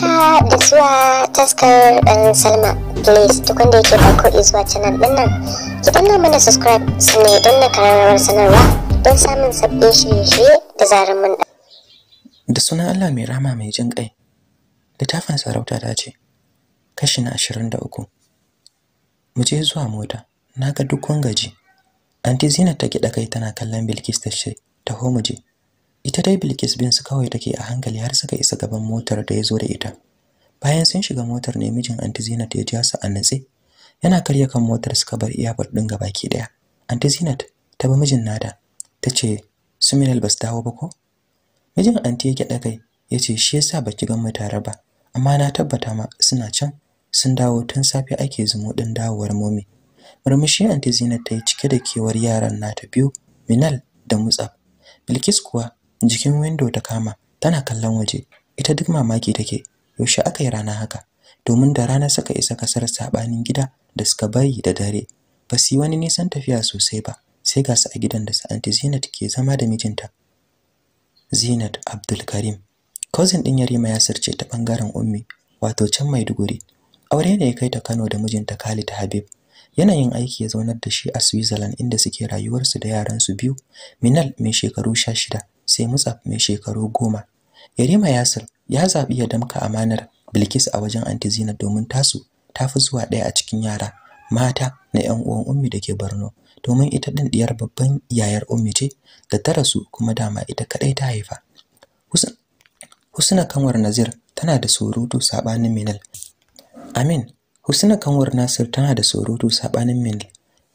da zuwa taskar ɗan salma please duk wanda yake farko izuwa canal ɗin nan ki danna mana subscribe sannan don na kararrawar sanarwa don samun sabbin shirye-shirye da zarar mun da da sunan allah mai rama mai jin kai littafin sarauta ta ce kashi na ashirin da uku mu je zuwa mota na ga duk gaji anti zina ta kiɗa kai tana kallon bilkis ta ce taho mu je ita dai Bilkis bin su kawai take a hankali har suka isa gaban motar da ya zo da ita bayan sun shiga motar ne mijin anti Zinat ya ja su a natse yana karya kan motar suka bar iyafar din gabaki daya Aunty Zinat ta ba mijin nada tace su ba basu dawo ba ko mijin Anti ya gyada kai yace shi yasa baki gan mu tare ba amma na tabbata ma suna can sun dawo tun safe ake zumo din dawowar momi murmushi Aunty Zinat ta yi cike da kewar yaran nata biyu Minal da Mutsaf Bilkis kuwa jikin window ta kama tana kallon waje ita duk mamaki take yaushe aka yi rana haka domin da rana suka isa kasar sabanin gida da suka bayi da dare ba su wani nisan tafiya sosai ba sai ga su a gidan da su anti Zinat ke zama da mijinta Zinat Abdulkarim cousin din Yarima ya sirce ta bangaren ummi wato can Maiduguri aure ne ya kai ta Kano da mijinta Khalid Habib yanayin aiki ya zaunar da shi a Switzerland inda suke rayuwarsu da yaransu biyu Minal mai shekaru sha shida. sai Musa mai shekaru goma. Yarima Yasir ya zaɓi ya damka amanar Bilkis a wajen Anti Zina domin tasu ta fi zuwa ɗaya a cikin yara mata na 'yan uwan Ummi da ke Borno domin ita ɗin ɗiyar babban yayar Ummi ce da ta rasu kuma dama ita kaɗai ta haifa. Husna Kanwar Nazir tana da surutu saɓanin Minal. Amin, Husna Kanwar Nasir tana da surutu saɓanin Minal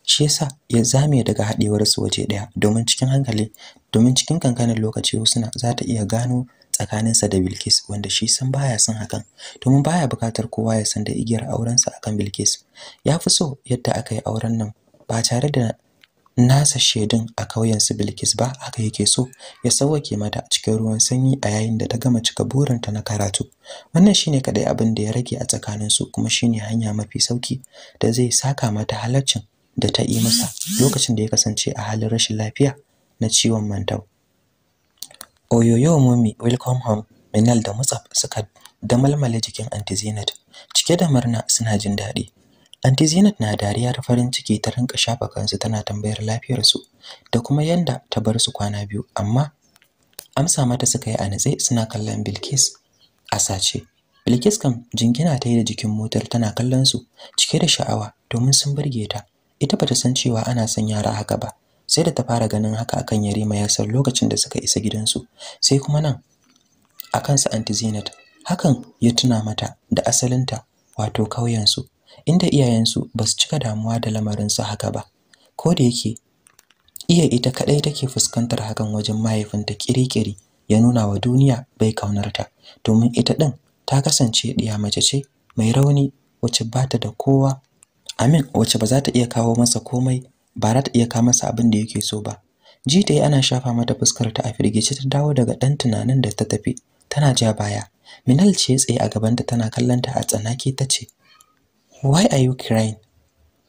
shi yasa ya zame daga haɗewar su waje daya domin cikin hankali domin cikin kankanin lokaci Husna za ta iya gano tsakaninsa da Bilkis wanda shi san baya sun hakan domin baya bukatar kowa ya san da igiyar aurensa akan Bilkis ya fi so yadda aka yi auren nan ba tare da nasa shedin a kauyen su Bilkis ba haka yake so ya sauwake mata cikin ruwan sanyi a yayin da ta gama cika burinta na karatu wannan shine kadai abin da ya rage a su kuma shine hanya mafi sauki da zai saka mata halaccin da ta yi masa lokacin da ya kasance a halin rashin lafiya na ciwon mantau. Oyoyo mummy welcome home Minal da Mutsaf suka damalmale jikin Aunty cike da murna suna jin daɗi. Aunty na dariya da farin ciki ta rinka shafa kansu tana tambayar lafiyarsu da kuma yanda ta bar su kwana biyu amma amsa mata suka yi a natse suna kallon Bilkis a sace. Bilkis kam jingina ta yi da jikin motar tana kallon su cike da sha'awa domin sun burge ta. ita bata san cewa ana son yara haka ba sai da ta fara ganin haka akan Yarima ya san lokacin da suka isa gidansu sai kuma nan akan sa anti Zinat hakan ya tuna mata da asalinta wato kauyensu inda iyayensu ba su cika damuwa da lamarin su haka ba ko da yake iya ita kadai take fuskantar hakan wajen mahaifinta kirikiri ya nuna wa duniya bai kaunarta domin ita din ta kasance diya mace ce mai rauni wacce bata da kowa Amin wacce ba za ta iya kawo masa komai ba za ta iya kawo masa abin da yake so ba. Ji ta yi ana shafa mata fuskar ta a firgice ta dawo daga ɗan tunanin da ta tafi tana ja baya. Minal ce tsaye a gabanta tana kallon ta a tsanaki ta ce, Why are you crying?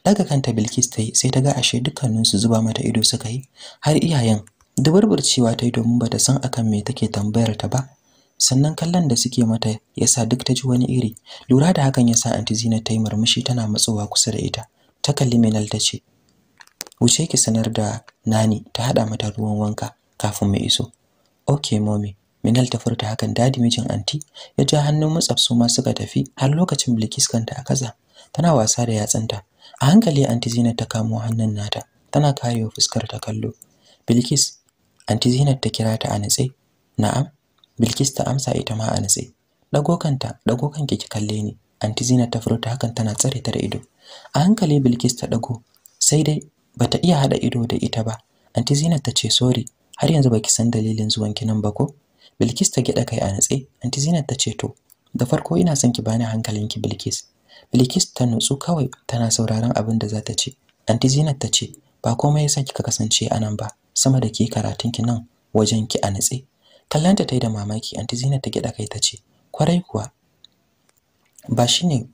Daga kanta Bilkis ta yi sai ta ga ashe dukkaninsu zuba mata ido suka yi har iyayen duburburcewa ta yi domin ba ta san akan me take tambayar ta ba sannan kallon da suke mata yasa duk ta ji wani iri lura da hakan yasa anti Zina ta yi murmushi tana matsowa kusa da ita ta kalli Minal ta ce wuce ki sanar da Nani ta haɗa mata ruwan wanka kafin mu iso Ok mommy Minal ta furta hakan dadi mijin anti ya ja hannun matsafsu ma suka tafi har lokacin Bilkis kanta a kaza tana wasa da yatsanta a hankali anti Zina ta kamo hannun nata tana karewa fuskar ta kallo Bilkis anti Zina ta kira ta a natse na'am Bilkis ta amsa ita ma a nutse. Dago kanta, dago kanki ki kalle ni. Anti Zina ta furta hakan tana tsare ta da ido. A hankali Bilkis ta dago, sai dai bata iya hada ido da ita ba. Anti Zina ta ce sorry, har yanzu baki san dalilin zuwan ki nan ba ko? Bilkis ta gida kai a nutse. Anti Zina ta ce to, da farko ina son ki bani ki Bilkis. Bilkis ta nutsu kawai tana sauraron abin da za ta ce. Anti Zina ta ce, "Ba komai yasa kika kasance a nan ba, sama da ke ki nan wajen ki a natse." kallanta ta yi da mamaki anti zina ta gida kai ta ce kwarai kuwa ba shine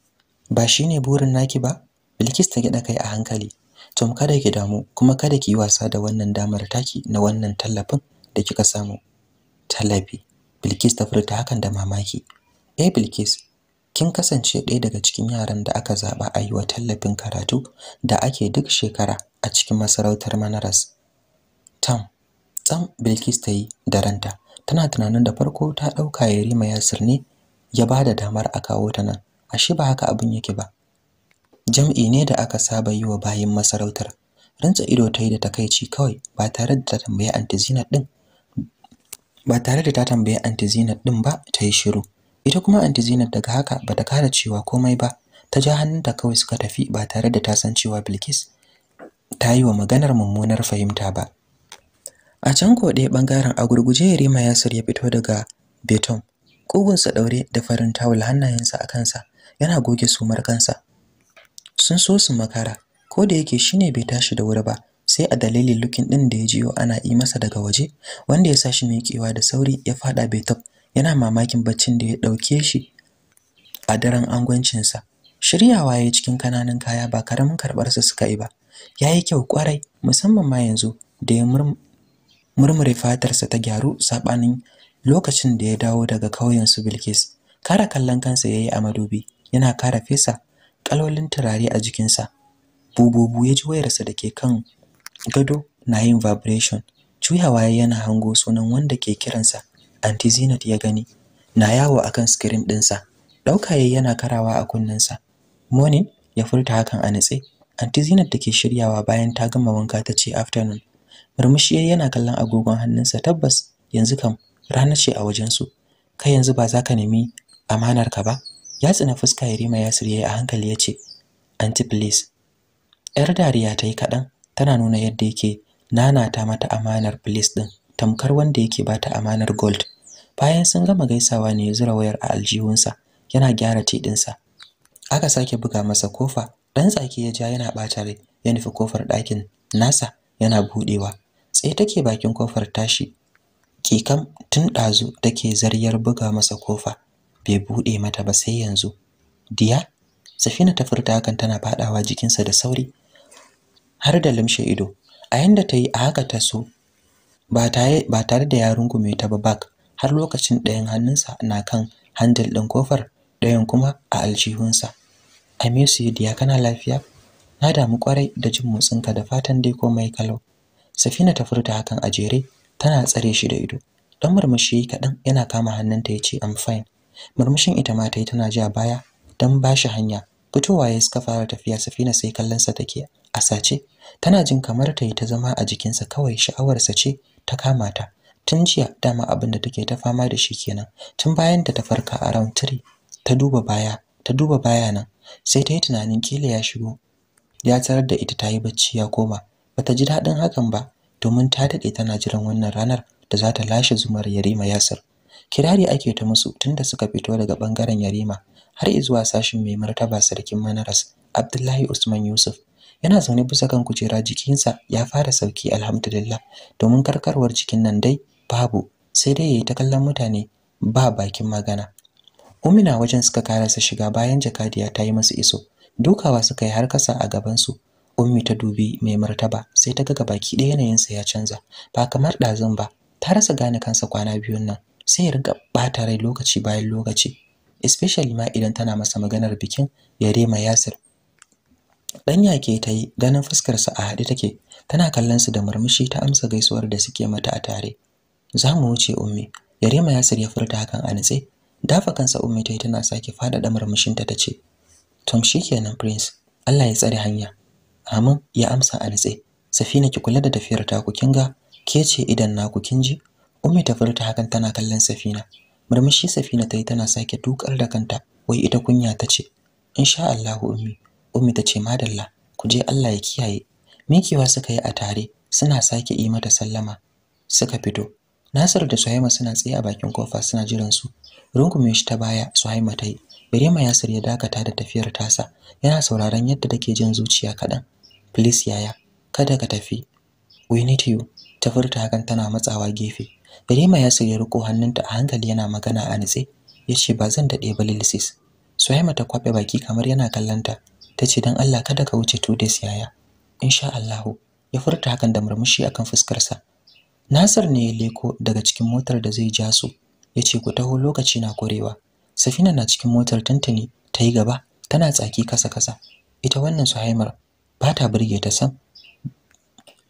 ba shine burin naki ba bilkis ta gida kai a hankali tom kada ki damu kuma kada ki yi wasa da wannan damar taki na wannan tallafin da kika samu tallafi bilkis ta furta hakan da mamaki eh bilkis kin kasance ɗaya daga cikin yaran da aka zaba a yi wa tallafin karatu da ake duk shekara a cikin masarautar manaras tam tsam bilkis ta yi da ranta tana tunanin da farko ta ɗauka Yarima Yasir ne ya ba da damar a kawo ta nan ashe ba haka abin yake ba jam'i ne da aka saba yi wa bayin masarautar rantsa ido ta yi da takaici kawai ba tare da ta tambaye antizina din ba tare da ta tambaye din ba ta yi shiru ita kuma antizina daga haka ba ta kara cewa komai ba ta ja hannunta kawai suka tafi ba tare da ta san cewa Bilkis ta yi wa maganar mummunar fahimta ba a can ko ɗaya ɓangaren a gurguje rima yasir ya fito daga beton ƙugunsa ɗaure da farin tawul hannayensa a kansa yana goge sumar kansa sun so su makara ko da yake shine bai tashi da wuri ba sai a dalilin lukin ɗin da ya jiyo ana yi masa daga waje wanda ya sa shi miƙewa da sauri ya faɗa beton, yana mamakin baccin da ya ɗauke shi a daren angwancinsa shiryawa ya cikin kananan kaya ba karamin karɓarsa suka yi ba ya yi kyau ƙwarai musamman ma yanzu da ya murmure fatarsa ta gyaru saɓanin lokacin da ya dawo daga kauyen su Bilkis. Kara kallon kansa yayi a madubi, yana kara fesa kalolin turare a jikinsa. Bububu ya ji wayarsa da ke kan gado na yin vibration. Cuyawa yana hango sunan wanda ke kiransa. Anti Zinat ya gani na yawo a kan screen ɗinsa. Ɗauka yayi yana karawa a kunnensa. Morning ya furta hakan a nitse. Anti Zinat da ke shiryawa bayan ta gama wanka ta ce afternoon. murmushi yana kallon agogon hannunsa tabbas yanzu kam rana ce a wajensu kai yanzu ba za ka nemi amanar ka ba ya tsina fuska ya rima yasir yayi a hankali ya ce anti please yar dariya ta yi kaɗan tana nuna yadda yake nanata mata amanar please ɗin, tamkar wanda yake bata amanar gold bayan sun gama gaisawa ne ya zura wayar a aljihunsa yana gyara sa aka sake buga masa kofa dan tsaki ya ja yana bata rai ya nufi kofar ɗakin nasa yana buɗewa. tsaye take bakin kofar tashi kikan tun ɗazu take zaryar buga masa kofa bai buɗe mata ba sai yanzu diya safina ta furta hakan tana faɗawa jikinsa da sauri har da limshe ido a yanda ta yi a haka ta so ba tare da ya rungume ta ba bak har lokacin ɗayan hannunsa na kan handil ɗin kofar ɗayan kuma a aljihunsa amesu diya kana lafiya na damu kwarai da jin motsinka da fatan dai komai kalau Safina ta furta hakan a jere tana tsare shi da ido. Dan murmushi kaɗan yana kama hannunta ya ce I'm fine. Murmushin ita ma tayi tana ja baya dan ba shi hanya. Fitowa ya suka fara tafiya Safina sai kallon sa take a sace. Tana jin kamar ta yi ta zama a jikinsa kawai sha'awarsa ce ta kama ta. Tun jiya dama abin da take ta fama da shi kenan. Tun bayan da ta farka a round 3 ta duba baya, ta duba baya nan sai ta yi tunanin kila ya shigo. Ya tarar da ita ta yi bacci ya koma bata ji daɗin hakan ba domin ta daɗe tana jiran wannan ranar da za ta lashe zumar Yarima Yasir. Kirari ake ta musu tunda suka fito daga bangaren Yarima har zuwa sashin mai martaba sarkin Manaras Abdullahi Usman Yusuf. Yana zaune bisa kan kujera jikinsa ya fara sauki alhamdulillah domin karkarwar jikin nan dai babu sai dai yayi ta kallon mutane ba bakin magana. Umina wajen suka karasa shiga bayan jakadiya ta yi masu iso. Dukawa suka yi har kasa a gabansu ummi ta dubi mai martaba sai ta ga baki ɗaya sa ya canza ba kamar ɗazun ba ta rasa gane kansa kwana biyun nan sai ya riga ɓata rai lokaci bayan lokaci especially ma idan tana masa maganar bikin yarema yasir dan yake ta yi ganin fuskar sa a haɗe take tana kallon su da murmushi ta amsa gaisuwar da suke mata a tare za mu wuce ummi yarema yasir ya furta hakan a nitse dafa kansa ummi ta yi tana sake faɗaɗa murmushin ta ce tom shikenan prince allah ya tsare hanya Amin ya amsa a nitse. Safina ki kula da tafiyar taku kin ga ke ce idan naku kin ji? Ummi ta furta hakan tana kallon Safina. Murmushi Safina ta yi tana sake dukar da kanta wai ita kunya ta ce. Insha Allah Ummi. Ummi ta ce madalla ku je Allah ya kiyaye. Mikewa suka yi a tare suna sake yi mata sallama suka fito. Nasiru da Suhaima suna tsaye a bakin kofa suna jiran su. Rungume shi ta baya Suhaima ta yi. Birema Yasir ya dakata da tafiyar tasa yana sauraron yadda take jin zuciya kaɗan. please yaya kada ka tafi we need you ta furta hakan tana matsawa gefe Yarima ya sirri riko hannunta a hankali yana magana a nitse yace ba zan dade ba Lilisis Suhaima ta kwaɓe baki kamar yana kallanta tace dan Allah kada ka wuce two days yaya insha Allah ya furta hakan da murmushi akan fuskarsa Nasir ne ya leko daga cikin motar da zai ja su yace ku taho lokaci na korewa Safina na cikin motar tantani ta yi gaba tana tsaki kasa kasa ita wannan Suhaimar ba ta burge ta san.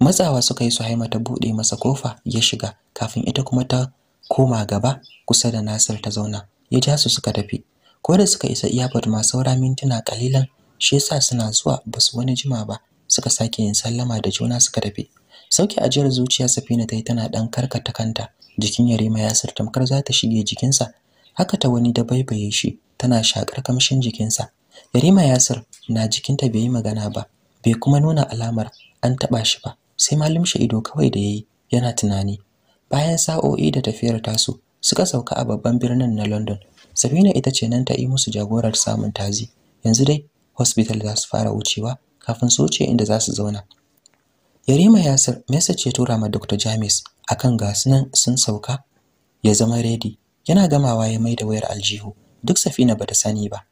matsawa suka yi su haima ta bude masa kofa ya shiga kafin ita kuma ta koma gaba kusa da Nasir ta zauna ya ja su suka tafi ko da suka isa airport ma saura mintuna kalilan shi yasa suna zuwa basu wani jima ba suka sake yin sallama da juna suka tafi sauki ajiyar zuciya Safina ta yi tana dan karkata kanta jikin Yarima yasir tamkar za ta shige jikinsa haka ta wani da baibaye shi tana shakar kamshin jikinsa Yarima Yasir na jikinta bai yi magana ba bai kuma nuna alamar an taɓa shi ba sai malum shi ido kawai da yayi yana tunani bayan sa'o'i da tafiyar tasu suka sauka a babban birnin na London Sabina ita ce nan ta yi musu jagorar samun tazi yanzu dai hospital za su fara wucewa kafin su wuce inda za su zauna Yarima Yasir message ya tura ma Dr. James akan gasunan sun sauka ya zama ready yana gamawa ya maida wayar aljihu duk Safina bata sani ba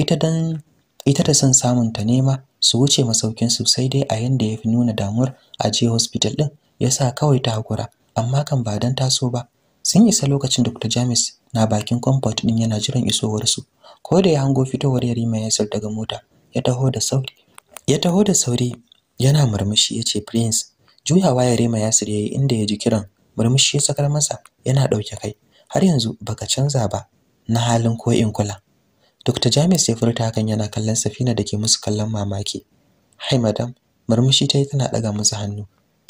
ita dan ita da son samun ta nema su wuce su sai dai a yanda ya fi nuna damuwar a je hospital ɗin ya sa kawai ta hakura amma kan ba don taso ba sun isa lokacin dr james na bakin comfort ɗin yana jiran isowarsu ko da ya hango fitowar yarima ya yasir daga mota ya taho da sauri ya taho da sauri yana murmushi ya ce prince juyawa yarima yasir ya yi inda ya ji kiran murmushi ya sakar masa yana ɗauke kai har yanzu baka canza ba na halin ko in kula Dr. James ya furta hakan yana kallon Safina da ke musu kallon mamaki. Hai madam, murmushi ta yi tana daga musu hannu.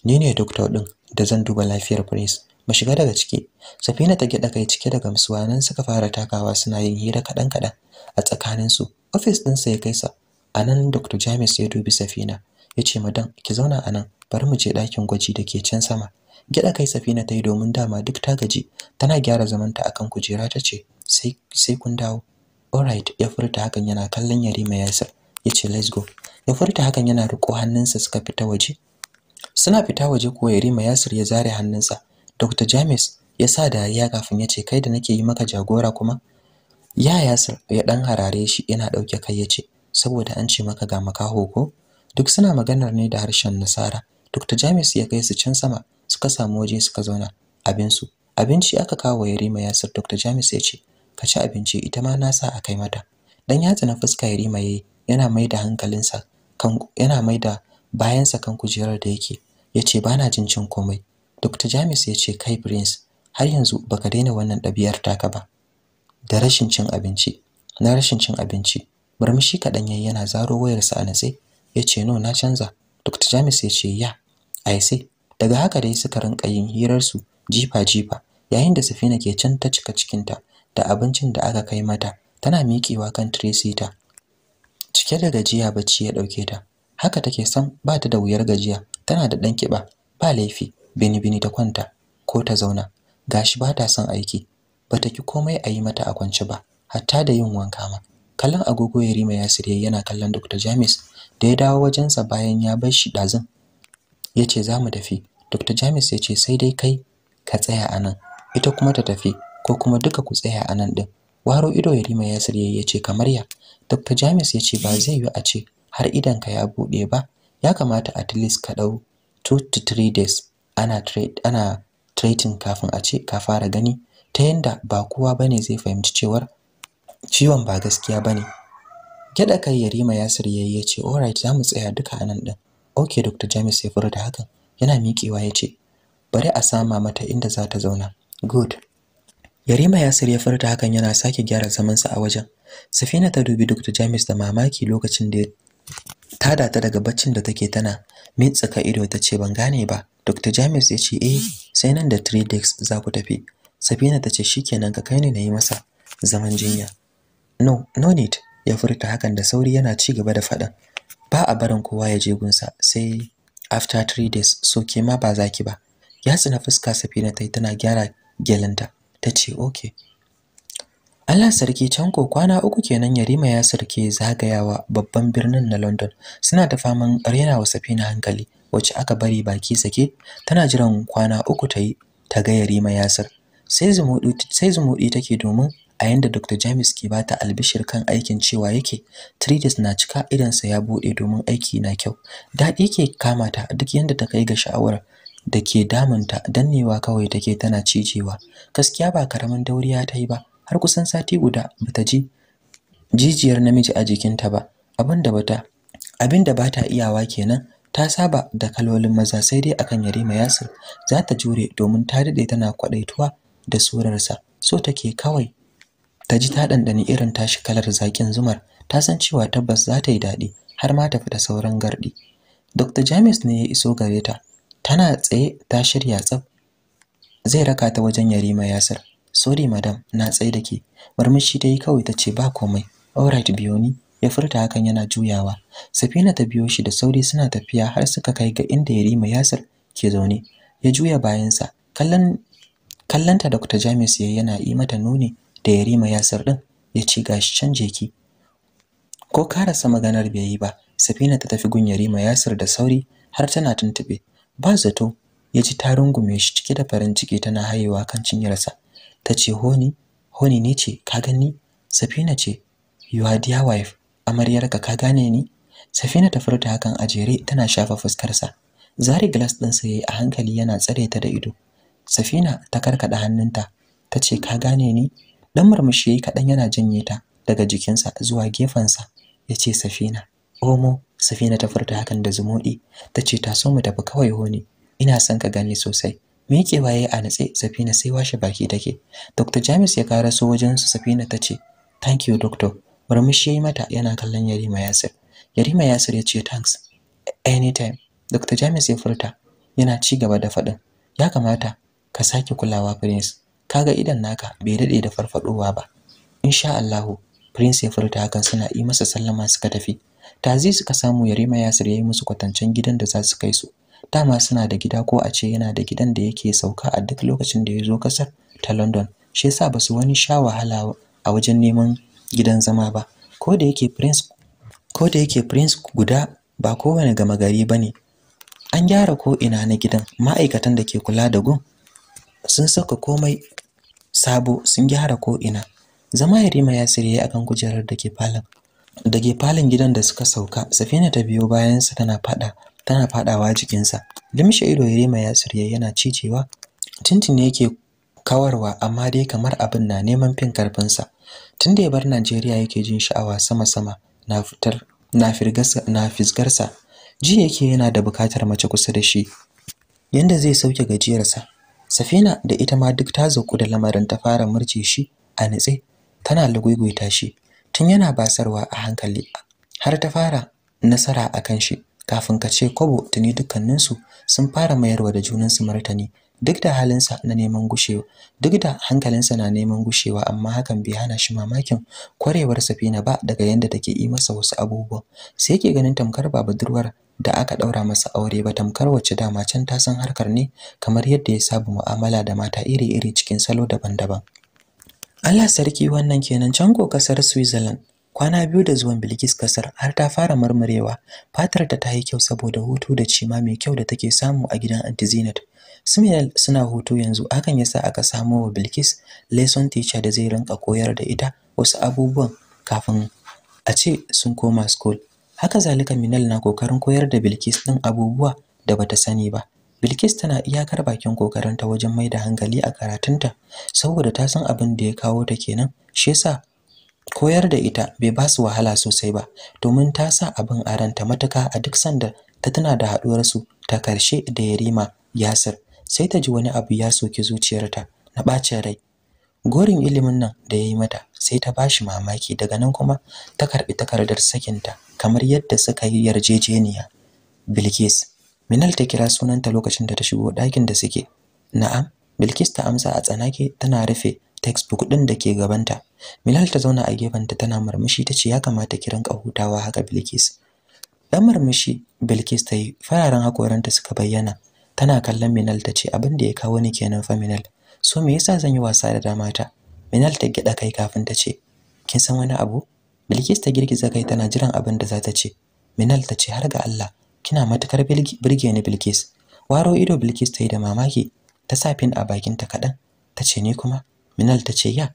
Ni ne doctor ɗin da zan duba lafiyar Prince. Mu shiga daga ciki. Safina ta gida kai cike da gamsuwa nan suka fara takawa suna yin hira kaɗan kaɗan a tsakanin tsakaninsu. Ofis sa ya kaisa. A nan Dr. James ya dubi Safina. Ya ce madam, ki zauna a nan, bari mu je dakin gwaji da ke can sama. Gida kai Safina ta yi domin dama duk ta gaji. Tana gyara zamanta akan kujera ta ce, sai kun dawo. alright ya furta hakan yana kallon Yarima Yasir yace let's go ya furta hakan yana riko hannunsa suka fita waje suna fita waje ko Yarima Yasir ya zare hannunsa Dr James ya sa dariya kafin ya ce kai da nake yi maka jagora kuma ya Yasir ya dan harare shi yana dauke kai yace saboda an ce maka ga makaho ko duk suna maganar ne da harshen Nasara Dr James ya kai su can sama suka samu waje suka zauna abinsu abinci aka kawo Yarima Yasir Dr James ya ce ka ci abinci ita ma na sa a kai mata dan yatsa na fuska ya rima yayi yana mai da hankalinsa kan yana mai da bayansa kan kujerar da yake yace bana jin cin komai Dr. James ya kai Prince har yanzu baka daina wannan ɗabi'ar taka ba da rashin cin abinci na rashin cin abinci murmushi kaɗan yayi yana zaro wayarsa a natse yace no na canza Dr. James ya ce ya ai sai daga haka dai suka rinka yin su jifa jifa yayin da Safina ke can ta cika cikinta da abincin da aka kai mata tana miƙewa kan tresita cike da gajiya bacci ya ɗauke ta haka take san ba ta da wuyar gajiya tana da ɗan kiba ba laifi bini bini ta kwanta ko ta zauna gashi ba ta son aiki ba ta ki komai a yi mata a kwance ba hatta da yin wanka ma kallon agogo ya rima ya sirye yana kallon Dr. James da ya dawo wajensa bayan ya bar shi ɗazun ya ce za mu tafi Dr. James ya ce sai dai kai ka tsaya a nan ita kuma ta tafi ko kuma duka ku tsaya a nan din waro ido yarima yasir ya ce kamar ya dr james ce ba zai yi a ce har idan ka ya bude ba ya kamata at least ka dau 2 to 3 days ana trade ana trading kafin a ce ka fara gani ta yanda ba kowa bane zai fahimci cewar ciwon ba gaskiya bane gyada kai yarima yasir yayi yace alright zamu tsaya duka anan din okay dr james ya furta hakan yana miƙewa ce. bari a sama mata inda za ta zauna good Yarima Yasir ya furta hakan yana sake gyara zamansa a wajen. Safina ta dubi Dr. James da mamaki lokacin da ta data daga baccin da take tana mitsaka ido ta ce ban gane ba. Dr. James ya ce eh sai nan da 3 days za ku tafi. Safina ta ce shikenan ka kai ne na yi masa zaman jinya. No, no need. Ya furta hakan da sauri yana ci gaba da faɗin. Ba a barin kowa ya je gunsa sai after 3 days so ke ma ba zaki ba. Ya tsina fuska Safina ta yi tana gyara gelanta. ta ce ok. Allah sarki can ko kwana uku kenan Yarima ya sarki zagayawa babban birnin na London suna ta faman rena wa safina hankali wacce aka bari baki sake tana jiran kwana uku ta yi ta ga Yarima Yasir sai zumudi sai zumudi take domin a yanda Dr. James ke bata albishir kan aikin cewa yake Tridis na cika idansa ya bude domin aiki na kyau daɗi ke kamata duk yanda ta kai ga sha'awar da ke damunta dannewa kawai take tana cijewa gaskiya ba karamin dauriya ta yi ba har kusan sati guda bata ji jijiyar namiji a jikinta ba abinda bata abinda bata iyawa kenan ta saba da kalolin maza sai dai akan Yarima Yasir za ta jure domin ta dade tana kwadaituwa da surarsa so take kawai ta ji ta dandani irin tashi kalar zakin zumar ta san cewa tabbas za ta yi daɗi, har ma ta fita sauran gardi Dr. James ne ya iso gare ta tana tsaye ta shirya tsaf zai raka ta wajen Yarima Yasir sorry madam na tsaye da ke murmushi ta yi kawai ta ce ba komai alright biyoni ya furta hakan yana juyawa safina ta biyo shi da sauri suna tafiya har suka kai ga inda Yarima Yasir ke zaune ya juya bayansa kallon kallanta Dr. James yana yi mata nuni da Yarima Yasir din ya ce gashi canje ki ko karasa maganar bai yi ba safina ta tafi gun Yarima Yasir da sauri har tana tuntube ba zato ya ji ta rungume shi cike da farin ciki tana haihuwa kan cinyarsa ta ce honi honi ne ce ka gani safina ce you are dear wife amaryarka ka gane ni safina ta furta hakan a jere tana shafa fuskarsa zari glass ɗinsa ya yi a hankali yana tsare ta da ido safina ta karkaɗa hannunta ta ce ka gane ni dan murmushi kaɗan yana janye ta daga jikinsa zuwa gefansa, ya ce safina omo Safina ta furta hakan da zumudi tace ta so mu tafi kawai honi ina son ka gani sosai me yake waye a natse Safina sai washe baki take Dr James ya karaso wajen su Safina tace thank you doctor murmushi yayi mata yana kallon Yarima Yasir Yarima Yasir ya ce thanks anytime Dr James ya furta yana ci gaba da faɗin ya kamata ka sake kulawa prince kaga idan naka bai dade da farfadowa ba insha Allah prince ya furta hakan suna yi masa sallama suka tafi tazi suka samu Yarima ya yi musu kwatancen gidan da za su kai su dama suna da gida ko a ce yana da gidan da yake sauka a duk lokacin da ya zo kasar ta London shi yasa ba su wani sha wahala a wajen neman gidan zama ba ko da yake prince ko guda ba kowane gama gari ba ne. an gyara ko ina na gidan ma'aikatan da ke kula da gun sun saka komai sabo sun gyara ko ina zama Yarima Yasir yayi akan kujerar da ke falon da ke gidan da suka sauka safina ta biyo bayansa tana fada tana fadawa jikinsa limshe ido ya mai yasir ya yana cicewa tintin yake kawarwa amma dai kamar abin na neman fin karfinsa tunda ya bar najeriya yake jin sha'awa sama sama na fitar na firgarsa na fisgarsa ji yake yana da bukatar mace kusa da shi yanda zai sauke gajiyarsa safina da ita ma duk ta zaku da lamarin ta fara murje shi a nitse tana ta shi tun yana basarwa a hankali har ta fara nasara a kan shi kafin ka ce kwabo tuni dukkaninsu sun fara mayarwa da junansu martani duk da halinsa na neman gushewa duk da hankalinsa na neman gushewa amma hakan bai hana shi mamakin kwarewar safina ba daga yadda take yi masa wasu abubuwa sai yake ganin tamkar ba budurwar da aka daura masa aure ba tamkar wacce dama can ta san harkar ne kamar yadda ya saba mu'amala da mata iri-iri cikin salo daban-daban Allah sarki wannan kenan can ko kasar Switzerland kwana biyu da zuwan Bilkis kasar har ta fara murmurewa fatar ta yi kyau saboda hutu da cima mai kyau da take samu a gidan Aunty Zinat suna hutu yanzu hakan yasa aka samo wa Bilkis lesson teacher da zai rinka koyar da ita wasu abubuwan kafin a ce sun koma school haka zalika Minal na kokarin koyar da Bilkis din abubuwa da bata sani ba Bilkis tana iyakar bakin kokarinta wajen mai da hankali a karatunta saboda ta san abin da ya kawo ta kenan shi yasa koyar da ita bai ba su wahala sosai ba domin ta sa abin a ranta matuka a duk sanda ta tana da haɗuwar su ta karshe da Yarima Yasir sai ta ji wani abu ya soki zuciyarta na bacin rai gorin ilimin nan da ya yi mata sai ta bashi mamaki daga nan kuma ta karɓi takardar sakinta kamar yadda suka yi yarjejeniya Bilkis Minal ta kira sunanta lokacin da ta shigo ɗakin da suke. Na'am, Bilkis ta amsa a tsanake tana rufe textbook ɗin da ke gabanta. Minal ta zauna a gefenta tana murmushi ta ce ya kamata ki rinka hutawa haka Bilkis. Dan murmushi Bilkis ta yi fararen hakoranta suka bayyana. Tana kallon Minal ta ce abin da ya kawo ni kenan fa Minal. So me yasa zan yi wasa da damata? Minal ta gida kai kafin ta ce, "Kin san wani abu?" Bilkis ta girgiza kai tana jiran abin da za ta ce. Minal ta ce har ga Allah, kina matukar birge ni Bilkis waro ido Bilkis ta yi da mamaki ta sa fin a bakin ta kadan tace ni kuma Minal ta ce ya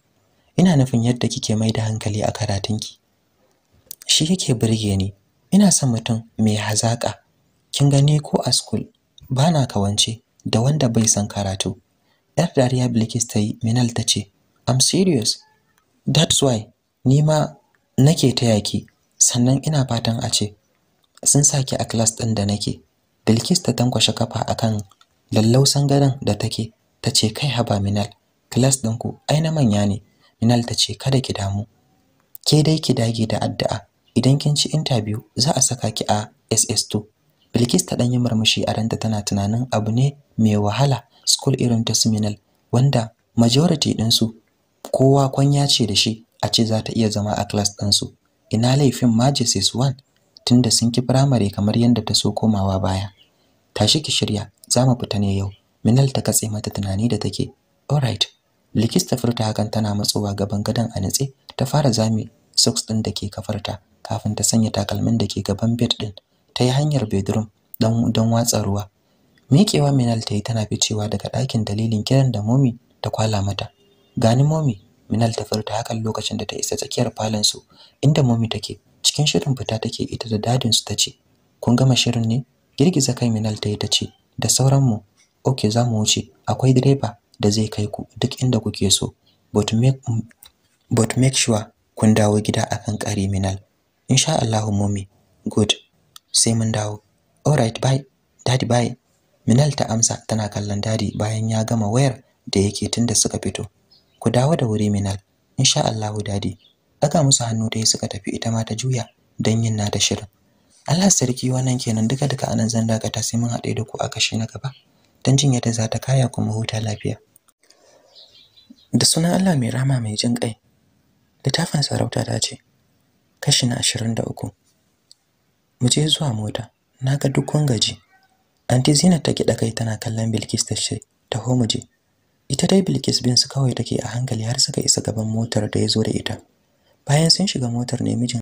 ina nufin yadda kike mai da hankali a karatunki shi yake birge ni ina son mutum mai hazaƙa. kin gani ko a school bana kawance da wanda bai san karatu yar dariya Bilkis ta yi Minal ta ce I'm serious that's why ni ma nake ta yaki sannan ina fatan a ce sun saki a class ɗin da nake Bilkis ta tankwashe kafa akan lallausan gadon da take tace kai haba Minal class ɗinku ai na manya ne Minal ta ce kada ki damu ke dai ki dage da addu'a idan kin ci interview za a saka ki a SS2 Bilkis ta ɗan yi murmushi a ranta tana tunanin abu ne mai wahala school irin ta Minal wanda majority su, kowa kwanya ce da shi a ce za ta iya zama a class ɗinsu ina laifin Majesis 1 tunda sun ki firamare kamar yadda ta so komawa baya tashi ki shirya za mu fita ne yau minal ta katse mata tunani da take alright likis ta furta hakan tana matsowa gaban gadon a nitse ta fara zame, socks din da ke kafarta kafin ta sanya takalmin da ke gaban bed din ta yi hanyar bedroom don don watsa ruwa miƙewa minal ta yi tana ficewa daga ɗakin dalilin kiran da momi ta kwala mata gani momi minal ta furta hakan lokacin da ta isa tsakiyar falon su inda momi take cikin shirin fita take ita da dadin su tace kun gama shirin ne girgiza kai minal tayi tace da sauran mu okay za mu wuce akwai direba da zai kai ku duk inda kuke so but make but make sure kun dawo gida akan kare minal insha Allah mummy good sai mun dawo all right bye daddy bye minal ta amsa tana kallon daddy bayan ya gama wayar da yake tunda suka fito ku dawo da wuri minal insha Allah daddy Daga musu hannu da suka tafi ita ma ta juya don yin na da shirin. Allah sarki wannan kenan duka duka anan zan dakata sai mun haɗe da ku a kashi na gaba don jin yadda za ta kaya kuma huta lafiya. Da sunan Allah mai rama mai jin ƙai, littafin sarauta ta ce, kashi na ashirin da uku. Mu je zuwa mota, na ga duk kun gaji. Anti Zinat ta kiɗa kai tana kallon Bilkis ta ce, taho mu je. Ita dai Bilkis bin su kawai take a hankali har suka isa gaban motar da ya zo da ita. bayan sun shiga motar ne mijin